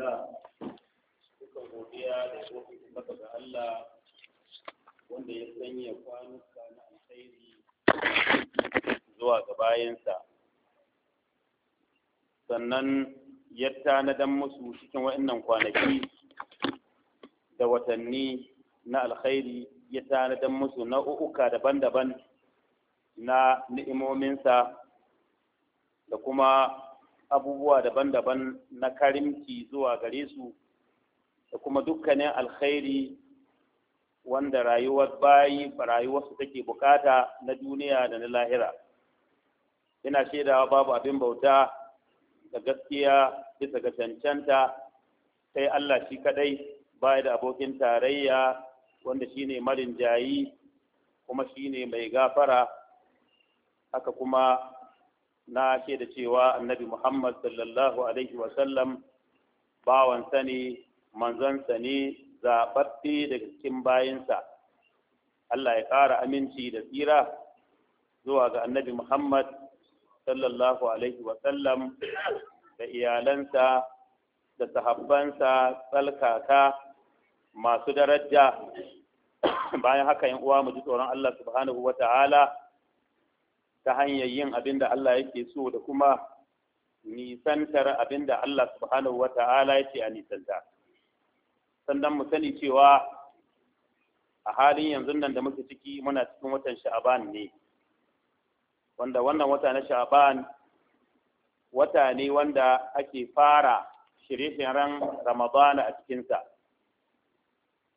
alhamdulillah suka godiya da tsofi maka ga Allah wanda ya sanya kwanuka na alkhairi zuwa ga bayansa sannan ya tanadan musu cikin waɗannan kwanaki da watanni na alkhairi ya tanadan musu nau'uka daban-daban na ni'imominsa da kuma abubuwa daban-daban na karimci zuwa gare su da kuma dukkanin alkhairi wanda rayuwar bayi rayuwarsu take bukata na duniya da na lahira ina shaidawa babu abin bauta da gaskiya bisa ga cancanta sai Allah shi kadai baya da abokin tarayya wanda shine marin jayi kuma shine mai gafara haka kuma na ce da cewa annabi Muhammad sallallahu Alaihi wasallam bawansa ne manzansa ne zaɓaɓɓe daga cikin bayansa. Allah ya ƙara aminci da tsira zuwa ga annabi Muhammad sallallahu Alaihi wasallam da iyalansa da sahabbansa tsalkaka masu daraja bayan haka yin uwa mu ji tsoron Allah subhanahu wa ta'ala ta hanyar yin abin da Allah yake so da kuma nisantar abin da Allah subhanahu wa ta'ala yake a nisanta sannan mu sani cewa a halin yanzu nan da muke ciki muna cikin watan sha'aban ne wanda wannan wata na sha'aban wata ne wanda ake fara shirye-shiryen ramadana a cikinsa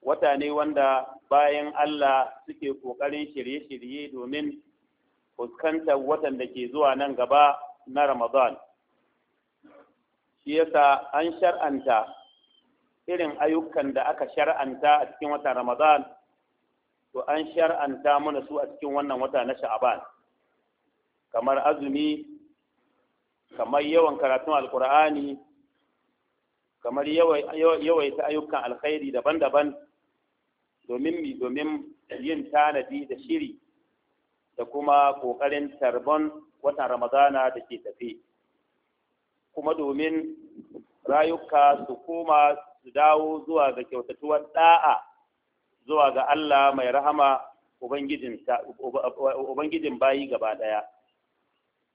wata ne wanda bayan Allah suke ƙoƙarin shirye-shirye domin fuskantar watan da ke zuwa nan gaba na Ramadan. Shi yasa an shar'anta irin ayyukan da aka shar'anta a cikin watan Ramadan, to an shar'anta mana su a cikin wannan wata na Sha'aban, kamar azumi, kamar yawan karatun Alƙur'ani, kamar yawaita ayyukan alkhairi daban-daban domin yin tanadi da shiri da kuma ƙoƙarin tarbon watan ramadana da ke tafi kuma domin rayuka su koma su dawo zuwa ga kyautatuwar da'a zuwa ga Allah mai rahama Ubangijin bayi gaba ɗaya.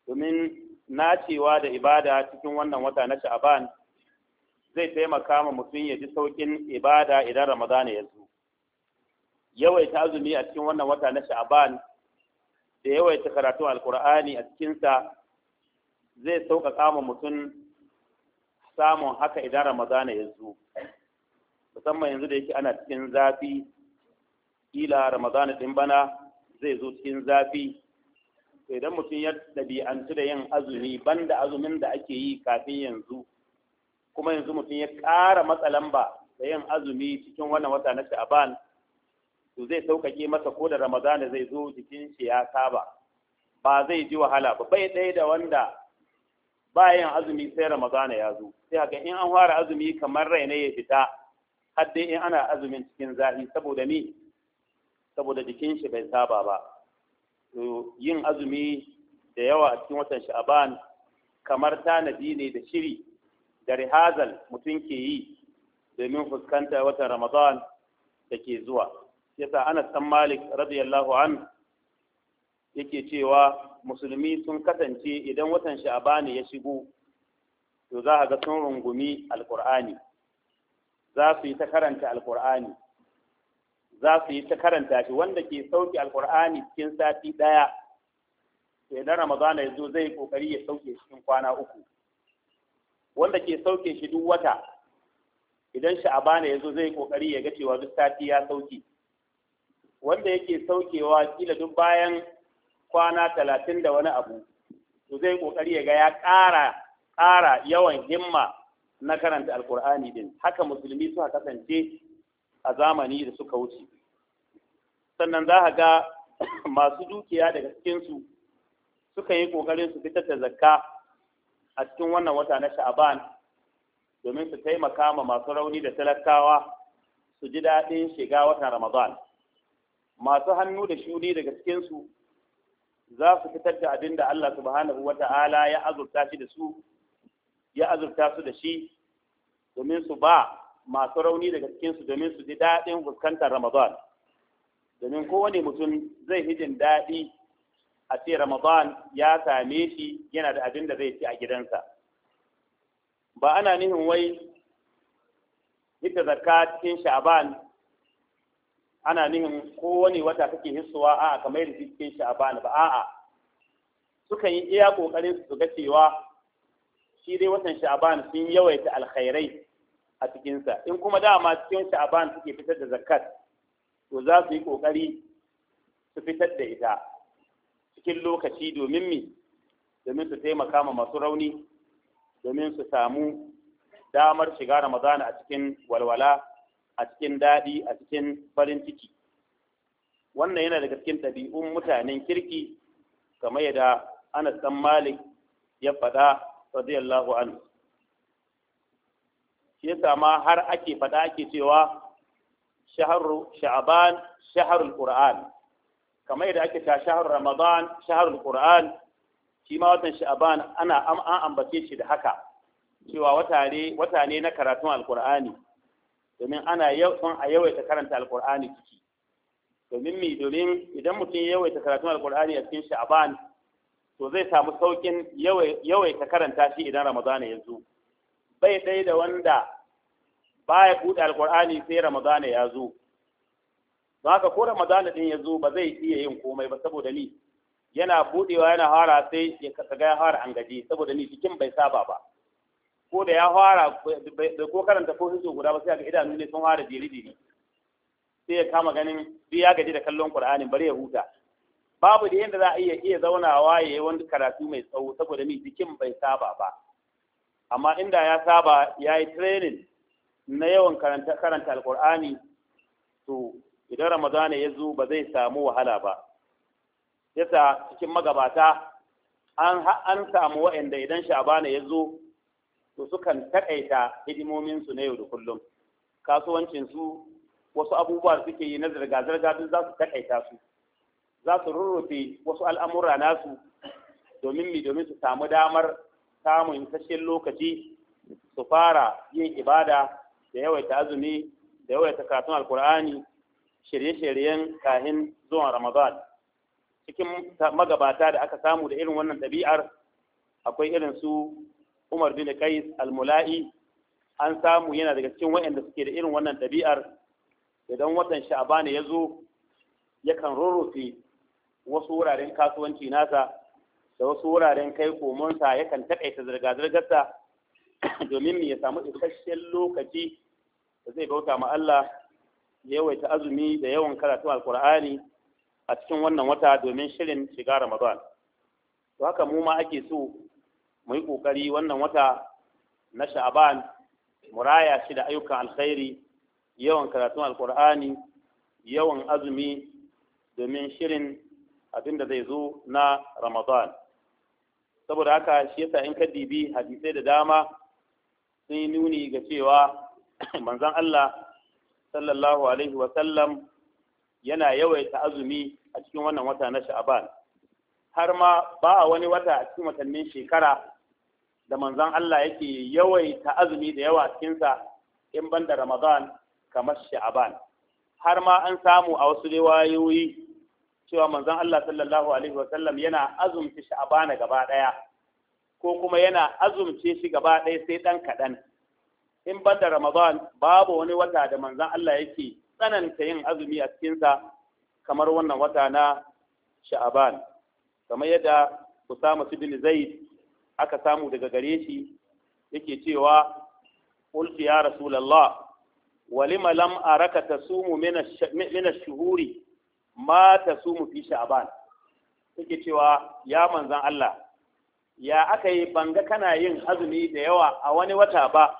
Domin nacewa da ibada cikin wannan wata na sha'aban zai taimaka ma mutum ya ji sauƙin ibada idan Ramadana ya zo. Yawaita azumi a cikin wannan wata na sha'aban da yawaita karatun alkur'ani a cikinsa zai sauƙaƙa ma mutum samun haka idan ramadana ya zo musamman yanzu da yake ana cikin zafi ila ramadana ɗin bana zai zo cikin zafi idan mutum ya ɗabi'antu da yin azumi banda azumin da ake yi kafin yanzu kuma yanzu mutum ya ƙara matsa lamba da yin azumi cikin wannan wata na sha'aban to zai sauƙaƙe masa ko da ramadana zai zo jikin shi ya saba ba zai ji wahala ba bai ɗaya da wanda bayan azumi sai ramadana ya zo sai haka in an fara azumi kamar raina ya fita har dai in ana azumin cikin zafi saboda me saboda jikin shi bai saba ba to yin azumi da yawa a cikin watan sha'aban kamar tanadi ne da shiri da rihazal mutum ke yi domin fuskantar watan ramadan da ke zuwa yasa Anas dan Malik radiyallahu an yake cewa musulmi sun kasance idan watan sha'abani ya shigo to za a ga sun rungumi alkur'ani za su yi ta karanta alkur'ani za su yi ta karanta shi wanda ke sauke alkur'ani cikin sati ɗaya to idan ramadana ya zo zai kokari ya sauke cikin kwana uku wanda ke sauke shi duk wata idan sha'abana ya zo zai kokari ya ga cewa duk sati ya sauke wanda yake saukewa kila duk bayan kwana talatin da wani abu to zai kokari ya ga ya ƙara ƙara yawan himma na karanta alkur'ani din haka musulmi suka kasance a zamani da suka wuce sannan za ka ga masu dukiya daga su suka yi ƙoƙarin su fitar da zakka a cikin wannan wata na sha'aban domin su taimaka ma masu rauni da talakawa su ji daɗin shiga watan ramadan masu hannu da shuni daga cikinsu za su fitar da abin da Allah subhanahu wa ta'ala ya azurta shi da su ya azurta su da shi domin su ba masu rauni daga cikinsu domin su ji daɗin fuskantar Ramadan domin kowane mutum zai hijin daɗi a ce Ramadan ya same shi yana da abin da zai ci a gidansa ba ana nihin wai ita zakka cikin sha'aban ana nihin kowane wata kake hissuwa a'a kamar yadda suke shi a bani ba a'a sukan yi iya kokarin su ga cewa shi dai watan sha'aban sun yawaita alkhairai a cikinsa in kuma dama cikin sha'aban suke fitar da zakat to za su yi kokari su fitar da ita cikin lokaci domin mi domin su taimaka ma masu rauni domin su samu damar shiga ramadana a cikin walwala a cikin daɗi a cikin farin ciki wannan yana daga cikin ɗabi'un mutanen kirki kamar yadda Anas ɗan Malik ya faɗa radiyallahu anhu shi yasa ma har ake faɗa ake cewa shaharu sha'ban shahrul qur'an kamar yadda ake ta shahrul ramadan shahrul qur'an shi ma watan Sha'aban ana an ambace shi da haka cewa watane na karatun alqur'ani domin ana son a yawaita karanta alkur'ani ciki domin mi domin idan mutum ya yawaita karatun alkur'ani a cikin sha'aban to zai samu saukin yawaita karanta shi idan ramadana ya zo bai dai da wanda baya buɗe alkur'ani sai ramadana ya zo ba ka ko ramadana din ya zo ba zai iya yin komai ba saboda ni yana buɗewa yana hara sai ya kaga ya hara an gaji saboda ni cikin bai saba ba ko da ya fara bai ko karanta ko hizo guda ba sai ga idanu ne sun fara jiri jiri sai ya kama ganin duk ya gaji da kallon Qur'ani bari ya huta babu da yanda za a iya iya zaunawa ya yi wani karatu mai tsawo saboda mi jikin bai saba ba amma inda ya saba ya yi training na yawan karanta karanta alqur'ani to idan ramadana ya zo ba zai samu wahala ba yasa cikin magabata an an samu wa'anda idan sha'abana ya zo to sukan taƙaita hidimominsu na yau da kullum kasuwancinsu wasu abubuwa suke yi na zirga-zirga duk za su taƙaita su za su rurrufe wasu al'amura nasu domin mi domin su samu damar samun isasshen lokaci su fara yin ibada da yawaita azumi da yawaita karatun alkur'ani shirye-shiryen kahin zuwan ramadan cikin magabata da aka samu da irin wannan ɗabi'ar akwai irin su Umar bin Qais al-Mula'i an samu yana daga cikin waɗanda suke da irin wannan ɗabi'ar idan watan Sha'ban ya zo yakan rurrufe wasu wuraren kasuwanci nasa da wasu wuraren kai komonsa yakan takaita zirga-zirgarsa domin ya samu isasshen lokaci da zai bauta ma Allah ya yawaita azumi da yawan al alkur'ani a cikin wannan wata domin shirin shiga Ramadan to haka mu ma ake so mu yi ƙoƙari wannan wata na sha'aban mu raya shi da ayyukan alkhairi yawan karatun alkur'ani yawan azumi domin shirin abin da zai zo na ramadan saboda haka shi yasa in ka dibi hadisai da dama sun yi nuni ga cewa manzon Allah sallallahu alaihi wasallam yana yawaita azumi a cikin wannan wata na sha'aban har ma ba a wani wata a cikin watannin shekara da manzon Allah yake yawaita azumi da yawa cikinsa in ban Ramadan kamar Sha'aban har ma an samu a wasu riwayoyi cewa manzon Allah sallallahu alaihi wasallam yana azumci Sha'abana gaba daya ko kuma yana azumce shi gaba daya sai dan kadan in banda Ramadan babu wani wata da manzon Allah yake tsananta yin azumi a cikinsa kamar wannan wata na Sha'aban kamar yadda Usama bin Zaid aka samu daga gare shi yake cewa qultu ya rasulullah walima lam araka ta sumu mina shuhuri ma sumu fi sha'ban yake cewa ya manzan Allah ya aka yi banga kana yin azumi da yawa a wani wata ba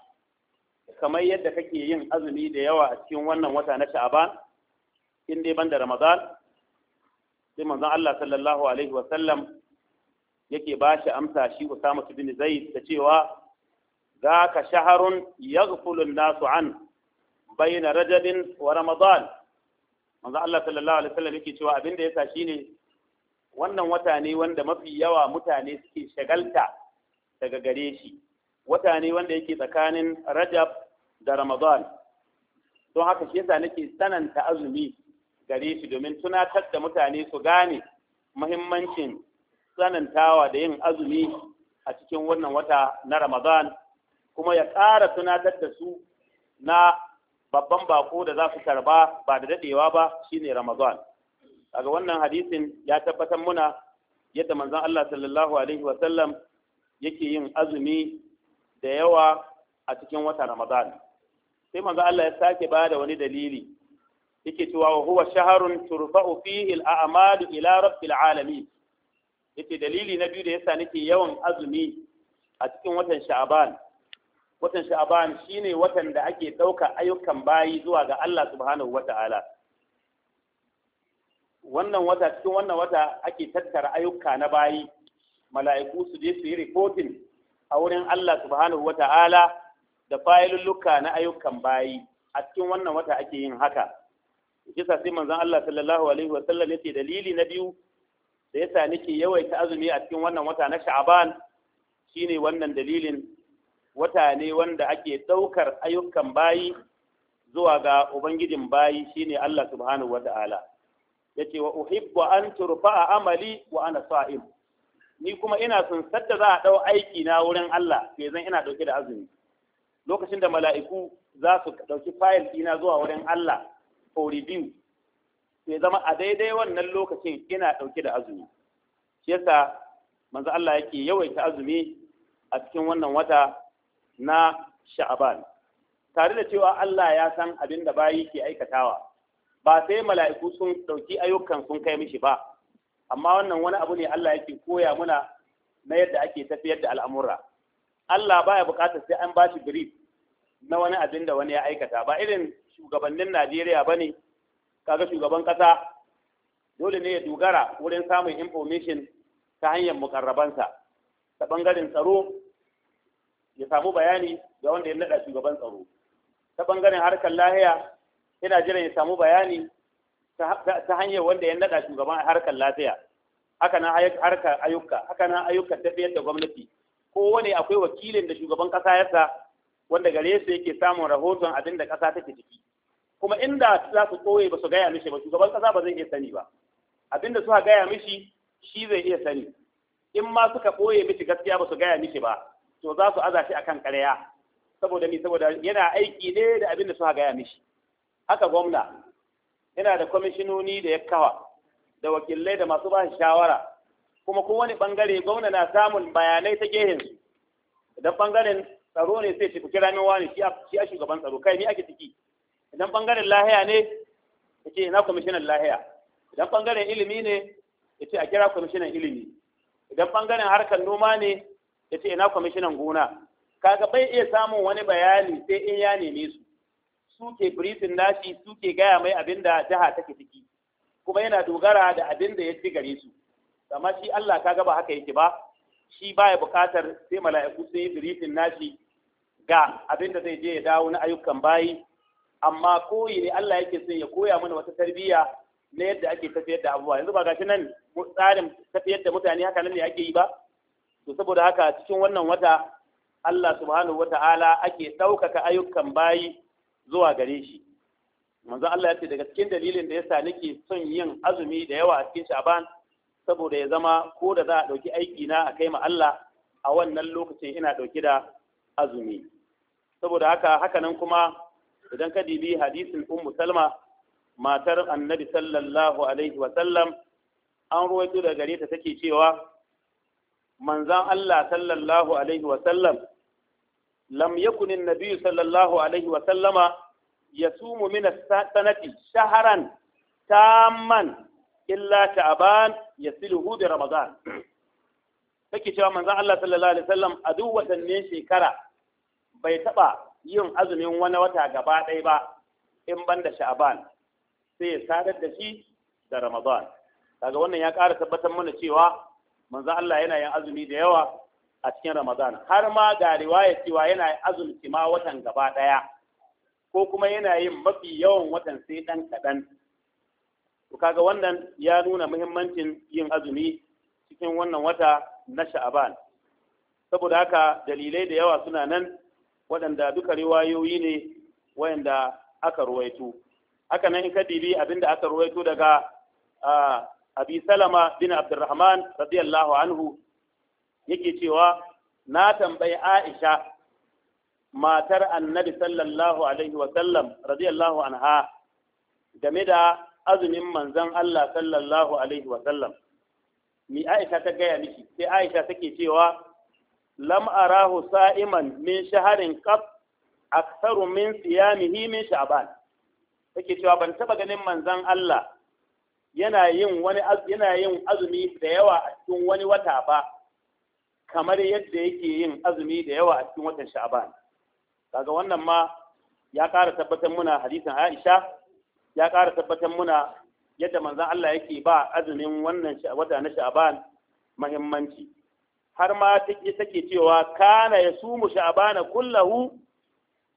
kamar yadda kake yin azumi da yawa a cikin wannan wata na sha'ban in dai da ramadan sai manzon Allah sallallahu alaihi wa sallam yake ba shi amsa shi Usama bin Zaid da cewa zaka shaharun yaghfulu nasu an bayna rajabin wa ramadan manzo Allah sallallahu alaihi wasallam yake cewa abinda yasa shine wannan wata ne wanda mafi yawa mutane suke shagalta daga gare shi wata ne wanda yake tsakanin Rajab da Ramadan don haka shi yasa nake tsananta azumi gare shi domin tunatar da mutane su gane muhimmancin tsanantawa da yin azumi a cikin wannan wata na Ramadan kuma ya ƙara tunatar da su na babban bako da za su karba ba da daɗewa ba shine Ramadan. Daga wannan hadisin ya tabbatar muna yadda manzon Allah sallallahu alaihi Wasallam yake yin azumi da yawa a cikin wata Ramadan. Sai manzon Allah ya sake ba da wani dalili yake cewa wa huwa shaharun turfa'u fihi al-a'malu ila rabbil alamin. yace dalili na biyu da yasa nake yawan azumi a cikin watan sha'aban watan sha'aban shine watan da ake ɗauka ayyukan bayi zuwa ga Allah subhanahu wata'ala wannan wata cikin wannan wata ake tattara ayyuka na bayi mala'iku su je su yi reporting a wurin Allah subhanahu wata'ala da fayilulluka na ayyukan bayi a cikin wannan wata ake yin haka kisa sai manzon Allah sallallahu alaihi wa sallam yace dalili na biyu da yasa nake yawaita azumi a cikin wannan wata na sha'aban shine wannan dalilin wata ne wanda ake ɗaukar ayyukan bayi zuwa ga ubangijin bayi shine Allah subhanahu wata'ala yace wa uhibbu an turfa'a amali wa ana sa'im ni kuma ina son sadda za a ɗau aiki na wurin Allah ke zan ina ɗauke da azumi lokacin da mala'iku za su ɗauki fayil ɗina zuwa wurin Allah for review ya zama a daidai wannan lokacin ina ɗauke da azumi shi yasa manzo Allah yake yawaita azumi a cikin wannan wata na sha'aban tare da cewa Allah ya san abin da bayi ke aikatawa ba sai mala'iku sun ɗauki ayyukan sun kai mishi ba amma wannan wani abu ne Allah yake koya muna na yadda ake tafiyar da al'amura Allah baya buƙatar sai an ba shi brief na wani abin da wani ya aikata ba irin shugabannin Najeriya bane kaga shugaban kasa dole ne ya dogara wurin samun information ta hanyar mukarrabansa ta bangaren tsaro ya samu bayani ga wanda ya nada shugaban tsaro ta bangaren harkar lahiya yana jiran ya samu bayani ta hanyar wanda ya nada shugaban harkar lafiya haka nan harkar ayyuka haka nan ayyukan tafiyar da gwamnati wani akwai wakilin da shugaban kasa yasa wanda gare su yake samun rahoton abin da kasa take ciki kuma inda za su koye ba su gaya mishi ba shugaban kasa ba zai iya sani ba abinda suka gaya mishi shi zai iya sani in ma suka koye mishi gaskiya ba su gaya mishi ba to za su aza shi akan karya saboda ni saboda yana aiki ne da abinda suka gaya mishi haka gwamna yana da kwamishinoni da ya kawa da wakilai da masu ba shawara kuma wani bangare gwamna na samun bayanai ta gehen su idan bangaren tsaro ne sai shi ku kira min wani shi a shugaban tsaro kai ni ake ciki idan ɓangaren lahiya ne ya ce ina kwamishinan lahiya idan ɓangaren ilimi ne ya ce a kira kwamishinan ilimi idan bangaren harkar noma ne ya ce ina kwamishinan gona kaga bai iya samun wani bayani sai in ya neme su suke briefing nashi suke gaya mai abin da jiha take ciki kuma yana dogara da abin da ya ci gare su amma shi Allah kaga ba haka yake ba shi baya bukatar sai mala'iku sun yi briefing nashi ga abin da zai je ya dawo na ayyukan bayi amma koyi ne Allah yake son ya koya mana wata tarbiyya na yadda ake tafiyar da abubuwa yanzu ba gashi nan tsarin tafiyar da mutane haka nan ne ake yi ba to saboda haka cikin wannan wata Allah subhanahu wata'ala ake ɗaukaka ayyukan bayi zuwa gare shi manzo Allah ya ce daga cikin dalilin da yasa nake son yin azumi da yawa a cikin Sha'ban saboda ya zama ko da za a ɗauki aiki na a kai ma Allah a wannan lokacin ina ɗauki da azumi saboda haka haka nan kuma idan ka dibi hadisin ummu salma matar annabi sallallahu alaihi wa sallam an ruwaito daga gare ta take cewa manzan Allah sallallahu alaihi wa sallam lam yakun annabi sallallahu alaihi wa sallama yasumu min as-sanati shahran tamman illa sha'ban yasiluhu bi ramadan take cewa manzan Allah sallallahu alaihi wa sallam a duk watannin shekara bai taba yin azumin wani wata gaba ɗaya ba in ban da sha'aban sai ya sadar da shi da ramadan kaga wannan ya ƙara tabbatar mana cewa manzo Allah yana yin azumi da yawa a cikin ramadan har ma ga riwaya cewa yana azumi ma watan gaba ɗaya ko kuma yana yin mafi yawan watan sai ɗan kaɗan to kaga wannan ya nuna muhimmancin yin azumi cikin wannan wata na sha'aban saboda haka dalilai da yawa suna nan waɗanda duka riwayoyi ne wayanda aka ruwaito haka nan in ka dibi abinda aka ruwaito daga abi salama bin abdurrahman radiyallahu anhu yake cewa na tambayi aisha matar annabi sallallahu alaihi wa wasallam radiyallahu anha game da azumin manzan Allah sallallahu alaihi wa sallam. mi aisha ta gaya miki sai aisha take cewa لم أراه sa'iman min شهر قط أكثر min siyamihi من شعبان take cewa ban taba ganin manzan Allah yana yin wani yana yin azumi da yawa a cikin wani wata ba kamar yadda yake yin azumi da yawa a cikin watan sha'ban kaga wannan ma ya ƙara tabbatar muna hadisin Aisha ya ƙara tabbatar muna yadda manzon Allah yake ba azumin wannan wata na sha'ban muhimmanci har ma take cewa kana ya sumu sha'abana kullahu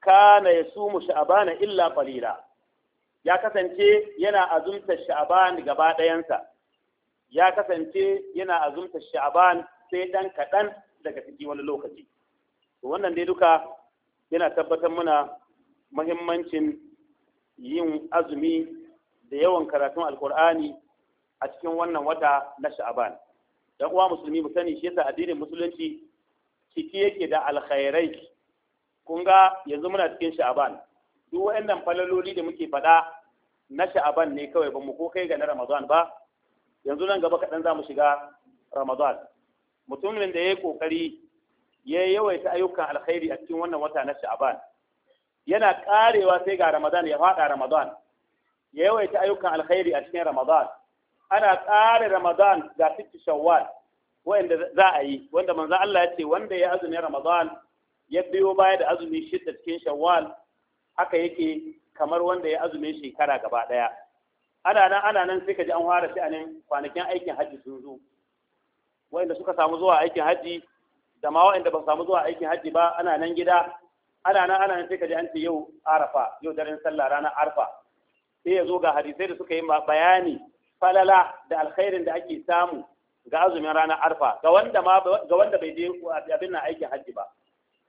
kana ya sumu sha'abana illa qalila ya kasance yana azumta sha'aban gaba ɗayansa ya kasance yana azumta sha'aban sai dan kaɗan daga ciki wani lokaci to wannan dai duka yana tabbatar mana muhimmancin yin azumi da yawan karatun alkur'ani a cikin wannan wata na sha'aban dan uwa musulmi mu sani shi yasa addinin musulunci ciki yake da alkhairai kun ga yanzu muna cikin shaban duk waɗannan falaloli da muke faɗa na sha'aban ne kawai ba mu ko kai ga na ramadan ba yanzu nan gaba kaɗan za mu shiga ramadan mutumin da ya yi ƙoƙari ya yawaita ayyukan alkhairi a cikin wannan wata na sha'aban yana ƙarewa sai ga ramadan ya faɗa ramadan ya yawaita ayyukan alkhairi a cikin ramadan ana tsara Ramadan ga fiti Shawwal wanda za a yi wanda manzo Allah ya ce wanda ya azumi Ramadan ya biyo baya da azumi shidda cikin Shawwal haka yake kamar wanda ya azumi shekara gaba daya ana nan ana nan sai ka ji an fara shi anan kwanakin aikin hajji sun zo wanda suka samu zuwa aikin hajji da ma wanda ba samu zuwa aikin hajji ba ana nan gida ana nan ana nan sai ka ji an ce yau Arafa yau daren sallah ranar Arafa sai ya zo ga hadisai da suka yi bayani falala da alkhairin da ake samu ga azumin ranar arfa ga wanda ma ga wanda bai je abin na aikin hajji ba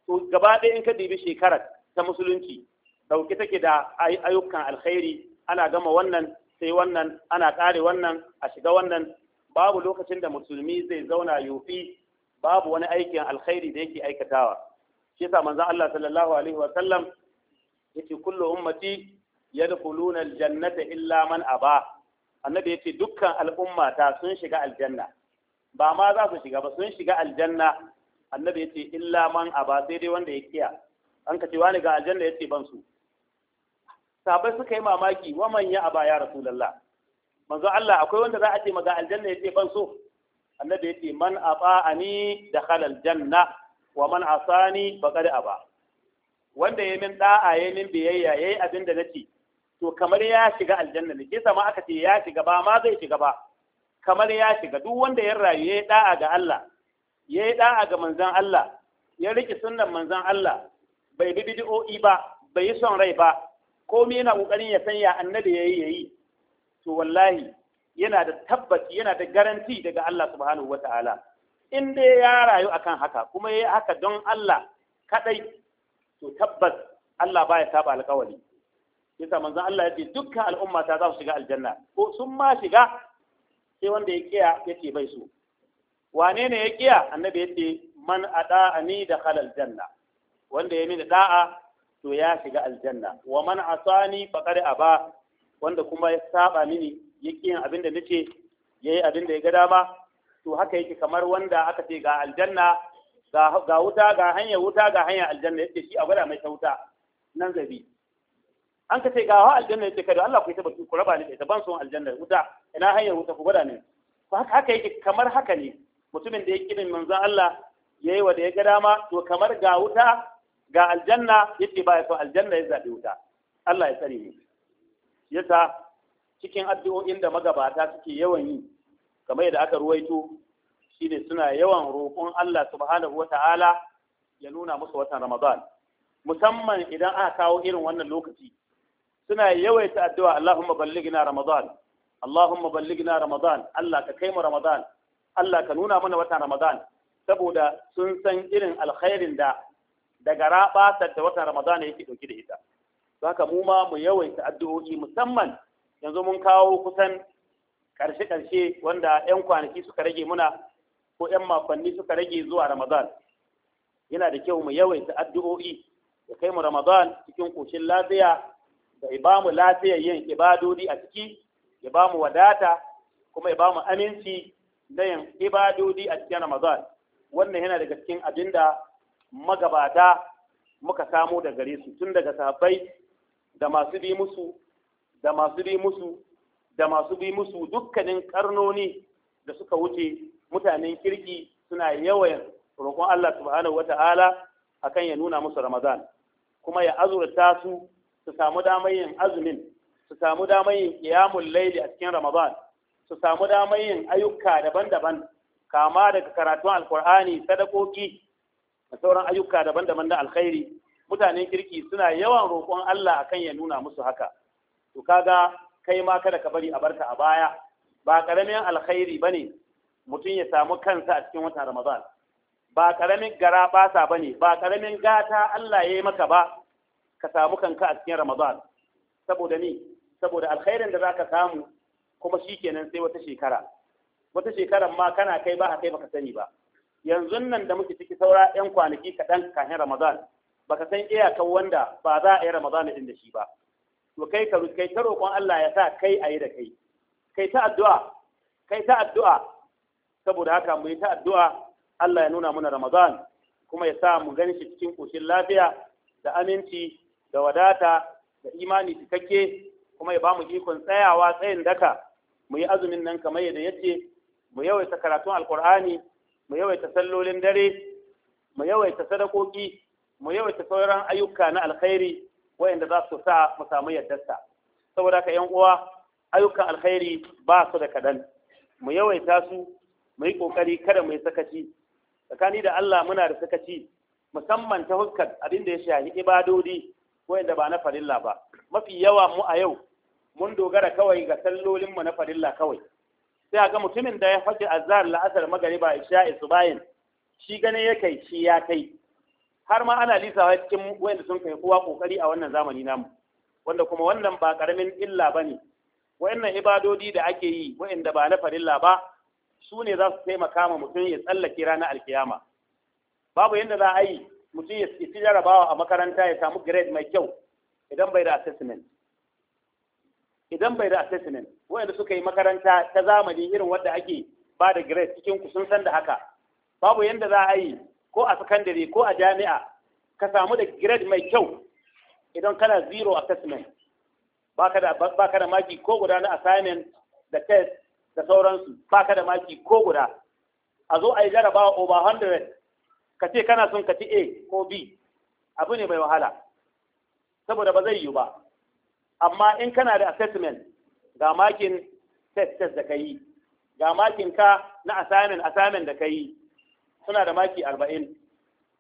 to gaba ɗaya in ka dibi shekarar ta musulunci dauke take da ayyukan alkhairi ana gama wannan sai wannan ana kare wannan a shiga wannan babu lokacin da musulmi zai zauna yofi babu wani aikin alkhairi da yake aikatawa shi yasa manzon Allah sallallahu alaihi wa sallam yace kullu ummati yadkhuluna aljannata illa man aba annabi ya ce dukkan al'umma ta sun shiga aljanna ba ma za su shiga ba sun shiga aljanna annabi ya ce illa man aba sai dai wanda ya kiya an ka ce wani ga aljanna ya ce ban su sabai suka yi mamaki wa manya ya aba ya rasulullah manzo Allah akwai wanda za a ce maga aljanna ya ce ban so annabi ya ce man aba da halal janna wa man asani a aba wanda ya min da'a ya min biyayya yi abin da ce to kamar ya shiga aljanna ne ke ma aka ce ya shiga ba ma zai shiga ba kamar ya shiga duk wanda ya rayu ya yi da'a ga Allah ya yi da'a ga manzon Allah ya rike sunnan manzon Allah bai bi bid'o'i ba bai yi son rai ba komai yana kokarin ya sanya annabi yayi yayi to wallahi yana da tabbaci yana da garanti daga Allah subhanahu wataala in dai ya rayu akan haka kuma yayi haka don Allah kadai to tabbas Allah baya saba alƙawari yasa manzon Allah ya ce dukkan al'umma ta za su shiga aljanna ko sun ma shiga sai wanda ya kiya yace bai su wane ne ya kiya annabi yace man ada ani da khalal janna wanda ya mini da'a to ya shiga aljanna wa man asani faqad aba wanda kuma ya saba mini ya kiyan abinda nace yayi abinda ya ga dama to haka yake kamar wanda aka ce ga aljanna ga wuta ga hanyar wuta ga hanyar aljanna yace shi a gwada mai ta wuta nan zabi an ka ce ga aljanna ya ce kada Allah ku yi ta batu ku raba ni da ita ban son aljanna wuta ina hanyar wuta ku gwada ni to haka haka yake kamar haka ne mutumin da ya kirin manzon Allah yayi wa da ya ga dama to kamar ga wuta ga aljanna yace ba ya so aljanna ya zabi wuta Allah ya tsare ni yasa cikin addu'o'in da magabata suke yawan yi kamar yadda aka ruwaito shine suna yawan roƙon Allah subhanahu wata'ala ya nuna musu watan Ramadan musamman idan aka kawo irin wannan lokaci suna yawaita addu'a Allahumma ballighna Ramadan Allahumma ballighna Ramadan Allah ka kai mu Ramadan Allah ka nuna mana wata Ramadan saboda sun san irin alkhairin da daga raba da watan Ramadan yake dauke da ita haka mu ma mu yawaita addu'o'i musamman yanzu mun kawo kusan karshe karshe wanda yan kwanaki suka rage muna ko yan makonni suka rage zuwa Ramadan yana da kyau mu yawaita addu'o'i ya kai mu Ramadan cikin koshin lafiya da ya bamu lafiyar yin ibadodi a ciki ya bamu wadata kuma ya bamu aminci da yin ibadodi a cikin Ramadan wannan yana daga cikin abin da magabata muka samo da gare su tun daga sabai da masu bi musu da masu bi musu da masu bi musu dukkanin karnoni da suka wuce mutanen kirki suna yawan roƙon Allah subhanahu wata'ala akan ya nuna musu Ramadan kuma ya azurta su su samu damar yin azumin su samu damar yin iyamun laili a cikin ramadan su samu damar yin ayyuka daban-daban kama daga karatun alkur'ani sadakoki da sauran ayyuka daban-daban na alkhairi mutanen kirki suna yawan roƙon Allah akan ya nuna musu haka to kaga kai ma kada ka bari a barka a baya ba karamin alkhairi bane mutum ya samu kansa a cikin watan Ramadan ba karamin gara sa bane ba karamin gata Allah ya yi maka ba ka samu kanka a cikin Ramadan saboda ni saboda alkhairin da zaka samu kuma shikenan sai wata shekara wata shekaran ma kana kai ba kai baka sani ba yanzu nan da muke ciki saura yan kwanaki kaɗan kafin Ramadan baka san iyakan wanda ba za a yi Ramadan din da shi ba to kai ka kai ta roƙon Allah ya sa kai a yi da kai kai ta addu'a kai ta addu'a saboda haka mu yi ta addu'a Allah ya nuna mana Ramadan kuma ya sa mu gani shi cikin koshin lafiya da aminci da wadata da imani cikakke kuma ya ba mu ikon tsayawa tsayin daka mu yi azumin nan kamar yadda yace mu yawaita karatun alkur'ani mu yawaita sallolin dare mu yawaita sadakoki mu yawaita sauran ayyuka na alkhairi wayanda za su sa mu samu yardarsa saboda ka yan uwa ayyukan alkhairi ba su da kadan mu yawaita su mu yi kokari kada mu yi sakaci tsakani da Allah muna da sakaci musamman ta huskar abin da ya shafi ibadodi wayanda ba na farilla ba mafi yawa mu a yau mun dogara kawai ga sallolin mu na farilla kawai sai ga mutumin da ya faɗi azhar la'asar magariba isha isbayin shi gane ya kai shi ya kai har ma ana lisawa cikin wayanda sun kai kowa kokari a wannan zamani namu wanda kuma wannan ba karamin illa bane wayannan ibadodi da ake yi wayanda ba na farilla ba su ne za su taimaka ma mutum ya tsallake ranar alkiyama babu yadda za a yi mutum ya fi jarabawa a makaranta ya samu grade mai kyau idan bai da assessment idan bai da assessment wanda suka yi makaranta ta zamani irin wadda ake ba da grade cikin ku sun san da haka babu yadda za a yi ko a sakandare ko a jami'a ka samu da grade mai kyau idan kana zero assessment ba da da maki ko guda na assignment da test da sauransu ka da maki ko guda a zo a yi jarabawa over 100 ka ce kana son ka ci A ko B abu ne mai wahala saboda ba zai yi ba amma in kana da assessment ga makin test test da ka yi ga makin ka na assignment assignment da ka yi suna da maki 40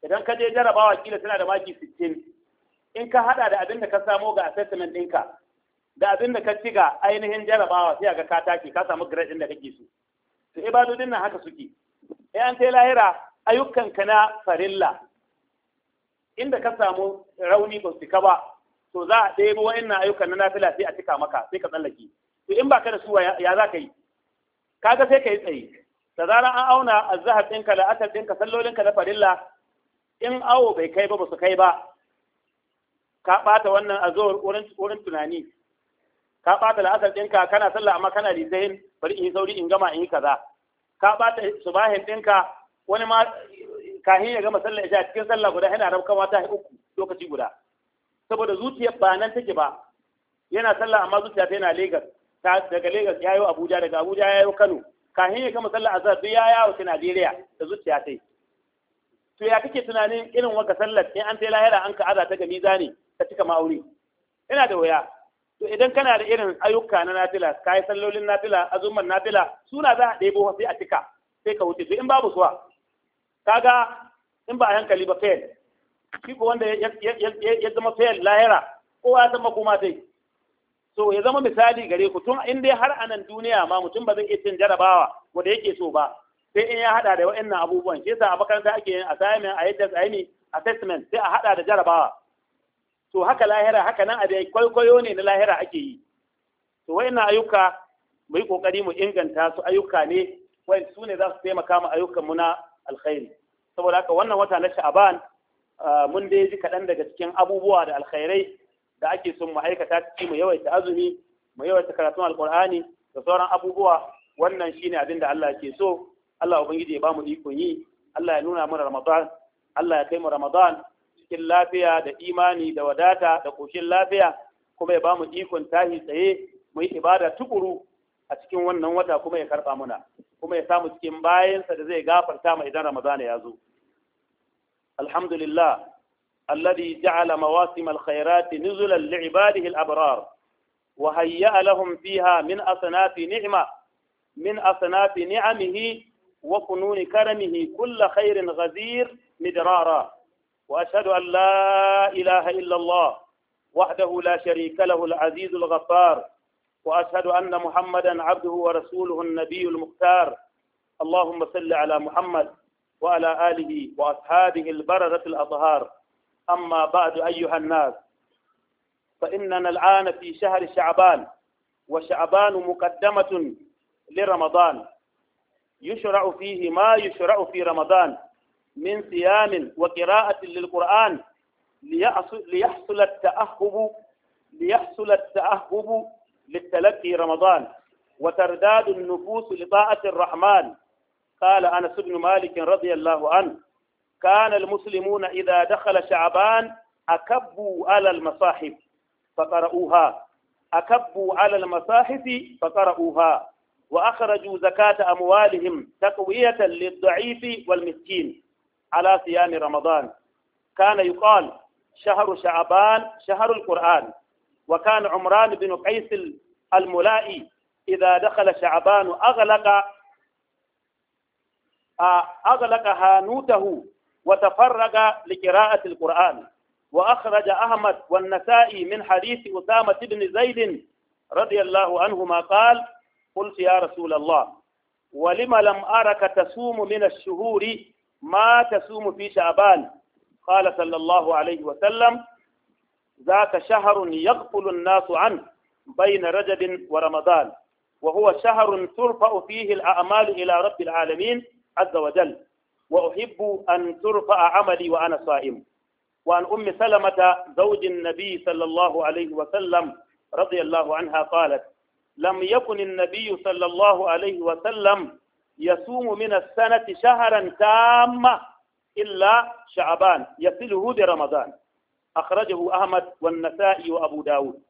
idan ka je jarabawa kila suna da maki 60 in ka hada da abin da ka samo ga assessment ɗinka da abin da ka ci ga ainihin jarabawa sai ga ka take ka samu grade ɗin da kake so to ibadodin nan haka suke eh an tai lahira ayyukanka na farilla inda ka samu rauni ba su ba to za a ɗebo wa'annan ayyukan na nafila sai a cika maka sai ka tsallake to in ba ka da suwa ya za ka yi kaga sai ka yi tsaye da zara an auna azhar ɗinka la'asar ɗinka sallolinka na farilla in awo bai kai ba ba su kai ba ka ɓata wannan azor wurin tunani ka ɓata la'asar ɗinka kana sallah amma kana lisahin bari in sauri in gama in yi kaza ka ɓata subahin ɗinka wani ma kahin ya gama sallar isha cikin sallah guda yana rabka mata uku lokaci guda saboda zuciyar ba nan take ba yana sallah amma zuciya ta yana Lagos daga Lagos ya yi Abuja daga Abuja ya yi Kano kahin ya gama sallar azhar duk ya yawo ta Najeriya da zuciya ta to ya kake tunanin irin wanka sallar in an ta lahira an ka aza ta ga mizani ta cika ma'auri Ina da waya to idan kana da irin ayyuka na nafila kai sallolin nafila azumman nafila suna za a ɗebo sai a cika sai ka wuce to in babu suwa kaga in ba a hankali ba fail shi ko wanda ya zama fail lahira kowa ya zama kuma dai so ya zama misali gare ku tun in dai har anan duniya ma mutum ba zai iya cin jarabawa wanda yake so ba sai in ya hada da wa'annan abubuwan shi yasa a makaranta ake yin assignment a yadda tsayi assessment sai a hada da jarabawa to haka lahira haka nan a dai kwaikwayo ne na lahira ake yi to wa'annan ayyuka mu yi kokari mu inganta su ayyuka ne wai su ne za su taimaka mu ayyukan mu na alkhairi saboda haka wannan wata na sha'aban mun dai ji kaɗan daga cikin abubuwa da alkhairai da ake son mu aikata ciki mu yawaita azumi mu yawaita karatun alkur'ani da sauran abubuwa wannan shine abin da Allah ke so Allah ubangiji ya ba mu ikon yi Allah ya nuna mana Ramadan Allah ya kai mu Ramadan cikin lafiya da imani da wadata da koshin lafiya kuma ya ba mu ikon tahi tsaye mu yi ibada tukuru a cikin wannan wata kuma ya karɓa muna kuma ya samu cikin bayansa da zai gafarta mai idan ramadan ya zo alhamdulillah alladhi ja'ala mawasim alkhairat nuzulan li'ibadihi alabrar wa hayya'a lahum fiha min asnafi ni'ma min asnafi ni'amihi wa karamihi kull khairin خير midrara wa ashhadu an la ilaha illa allah وحده لا شريك له العزيز الغفار وأشهد أن محمدا عبده ورسوله النبي المختار اللهم صل على محمد وعلى آله وأصحابه البررة الأطهار أما بعد أيها الناس فإننا الآن في شهر شعبان وشعبان مقدمة لرمضان يشرع فيه ما يشرع في رمضان من صيام وقراءة للقرآن ليحصل التأهب ليحصل التأهب للتلقي رمضان وترداد النفوس لطاعة الرحمن قال أنس بن مالك رضي الله عنه كان المسلمون إذا دخل شعبان أكبوا على المصاحف فقرأوها أكبوا على المصاحف فقرأوها وأخرجوا زكاة أموالهم تقوية للضعيف والمسكين على صيام رمضان كان يقال شهر شعبان شهر القرآن وكان عمران بن قيس الملائي إذا دخل شعبان أغلق آه، أغلق هانوته وتفرغ لقراءة القرآن وأخرج أحمد والنسائي من حديث أسامة بن زيد رضي الله عنهما قال قلت يا رسول الله ولم لم أرك تصوم من الشهور ما تصوم في شعبان قال صلى الله عليه وسلم ذاك شهر يغفل الناس عنه بين رجب ورمضان وهو شهر ترفع فيه الأعمال إلى رب العالمين عز وجل وأحب أن ترفع عملي وأنا صائم وعن أم سلمة زوج النبي صلى الله عليه وسلم رضي الله عنها قالت لم يكن النبي صلى الله عليه وسلم يصوم من السنة شهرا تاما إلا شعبان يصله برمضان أخرجه أحمد والنسائي وأبو داود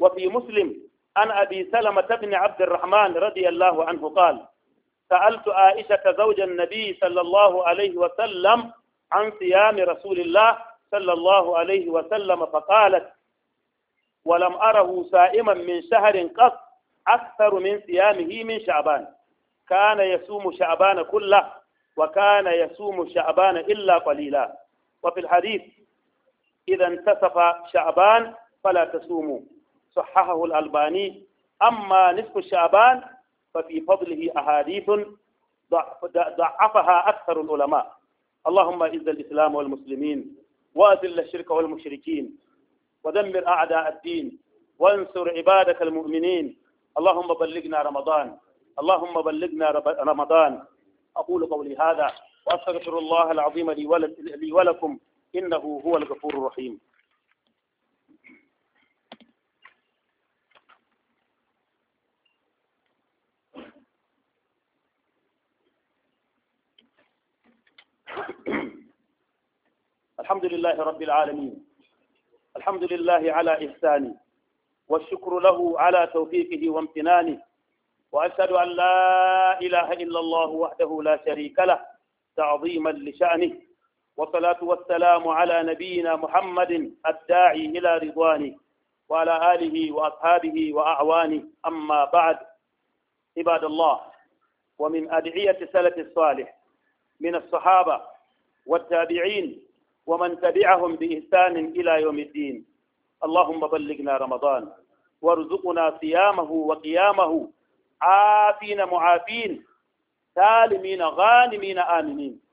وفي مسلم عن أبي سلمة بن عبد الرحمن رضي الله عنه قال سألت عائشة زوج النبي صلى الله عليه وسلم عن صيام رسول الله صلى الله عليه وسلم فقالت ولم أره سائما من شهر قط أكثر من صيامه من شعبان كان يصوم شعبان كله وكان يصوم شعبان إلا قليلا وفي الحديث إذا انتصف شعبان فلا تصوموا صححه الألباني أما نصف شعبان ففي فضله أحاديث ضعفها أكثر العلماء اللهم إذ الإسلام والمسلمين وأذل الشرك والمشركين ودمر أعداء الدين وانصر عبادك المؤمنين اللهم بلغنا رمضان اللهم بلغنا رمضان أقول قولي هذا وأستغفر الله العظيم لي ولكم إنه هو الغفور الرحيم الحمد لله رب العالمين الحمد لله على إحسانه والشكر له على توفيقه وامتنانه وأشهد أن لا إله إلا الله وحده لا شريك له تعظيما لشأنه والصلاة والسلام على نبينا محمد الداعي إلى رضوانه وعلى آله وأصحابه وأعوانه أما بعد عباد الله ومن أدعية سلف الصالح من الصحابة والتابعين ومن تبعهم بإحسان إلى يوم الدين اللهم بلغنا رمضان وارزقنا صيامه وقيامه عافين معافين سالمين غانمين آمنين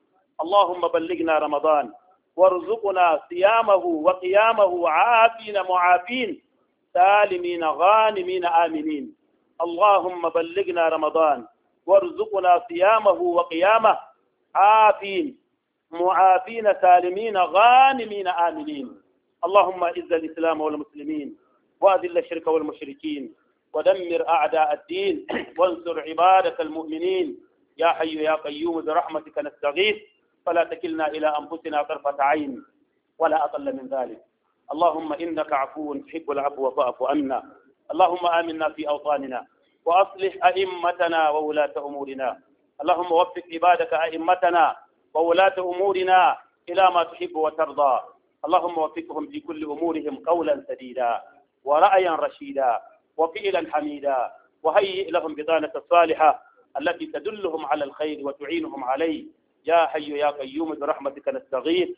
اللهم بلغنا رمضان وارزقنا صيامه وقيامه عافين معافين سالمين غانمين آمنين اللهم بلغنا رمضان وارزقنا صيامه وقيامه عافين معافين سالمين غانمين آمنين اللهم اعز الإسلام والمسلمين وأذل الشرك والمشركين ودمر أعداء الدين وانصر عبادك المؤمنين يا حي يا قيوم برحمتك نستغيث فلا تكلنا إلى أنفسنا طرفة عين ولا أقل من ذلك اللهم إنك عفو تحب العفو فاعف عنا اللهم آمنا في أوطاننا وأصلح أئمتنا وولاة أمورنا اللهم وفق عبادك أئمتنا وولاة أمورنا إلى ما تحب وترضى اللهم وفقهم في كل أمورهم قولا سديدا ورأيا رشيدا وفعلا حميدا وهيئ لهم بطانة الصالحة التي تدلهم على الخير وتعينهم عليه يا حي يا قيوم برحمتك نستغيث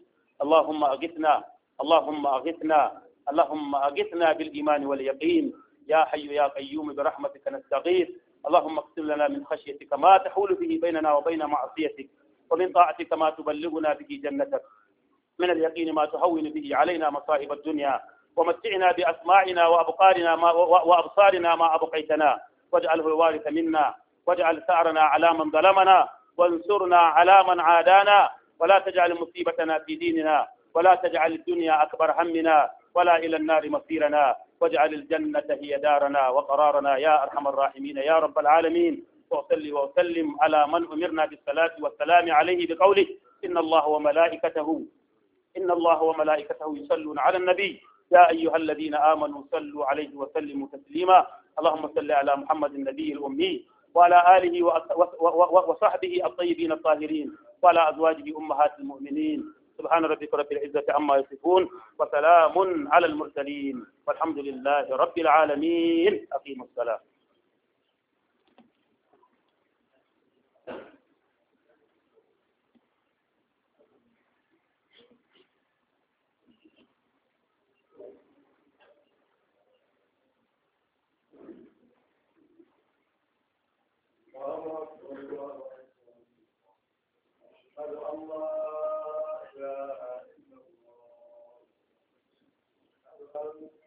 اللهم أغثنا اللهم أغثنا اللهم أغثنا بالإيمان واليقين يا حي يا قيوم برحمتك نستغيث اللهم اقسم لنا من خشيتك ما تحول به بيننا وبين معصيتك ومن طاعتك ما تبلغنا به جنتك من اليقين ما تهون به علينا مصائب الدنيا ومتعنا بأسماعنا وأبقارنا ما وأبصارنا ما أبقيتنا واجعله الوارث منا واجعل ثأرنا على من ظلمنا وانصرنا على من عادانا ولا تجعل مصيبتنا في ديننا ولا تجعل الدنيا أكبر همنا ولا إلى النار مصيرنا واجعل الجنة هي دارنا وقرارنا يا أرحم الراحمين يا رب العالمين وأصلي وأسلم على من أمرنا بالصلاة والسلام عليه بقوله إن الله وملائكته إن الله وملائكته يصلون على النبي يا أيها الذين آمنوا صلوا عليه وسلموا تسليما اللهم صل على محمد النبي الأمي وعلى آله وصحبه الطيبين الطاهرين وعلى أزواجه أمهات المؤمنين سبحان ربك رب العزة عما يصفون وسلام على المرسلين والحمد لله رب العالمين أقيموا السلام إله إلا الله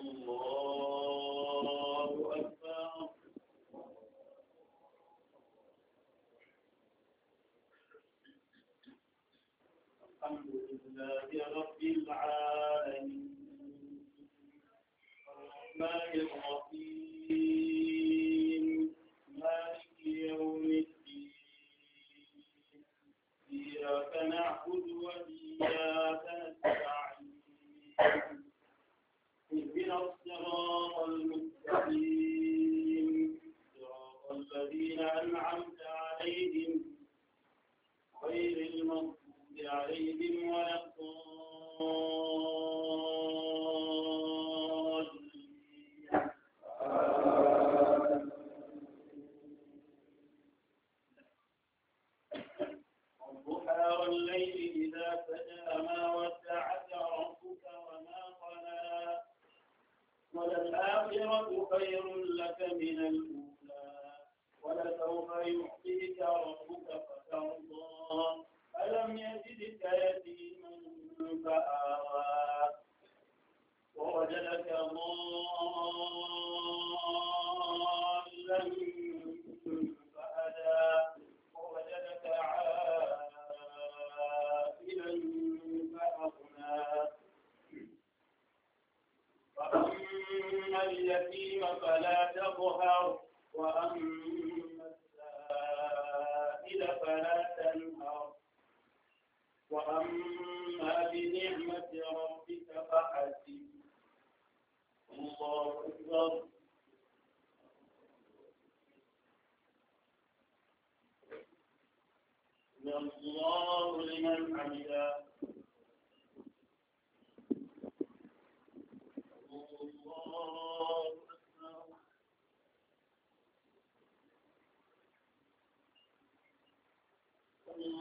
父母。الآخرة خير لك من الأولى ولسوف يعطيك ربك فترضى ألم يجدك يتيما فآوى ووجدك ضالا اليتيم فلا تقهر وأما السائل فلا تنهر وأما بنعمة ربك فحسب الله أكبر الله لمن حمده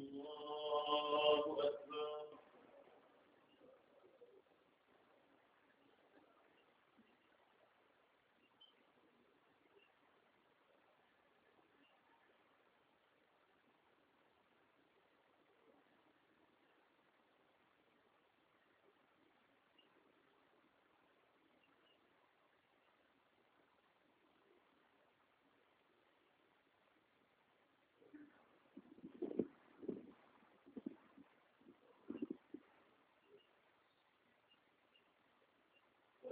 الله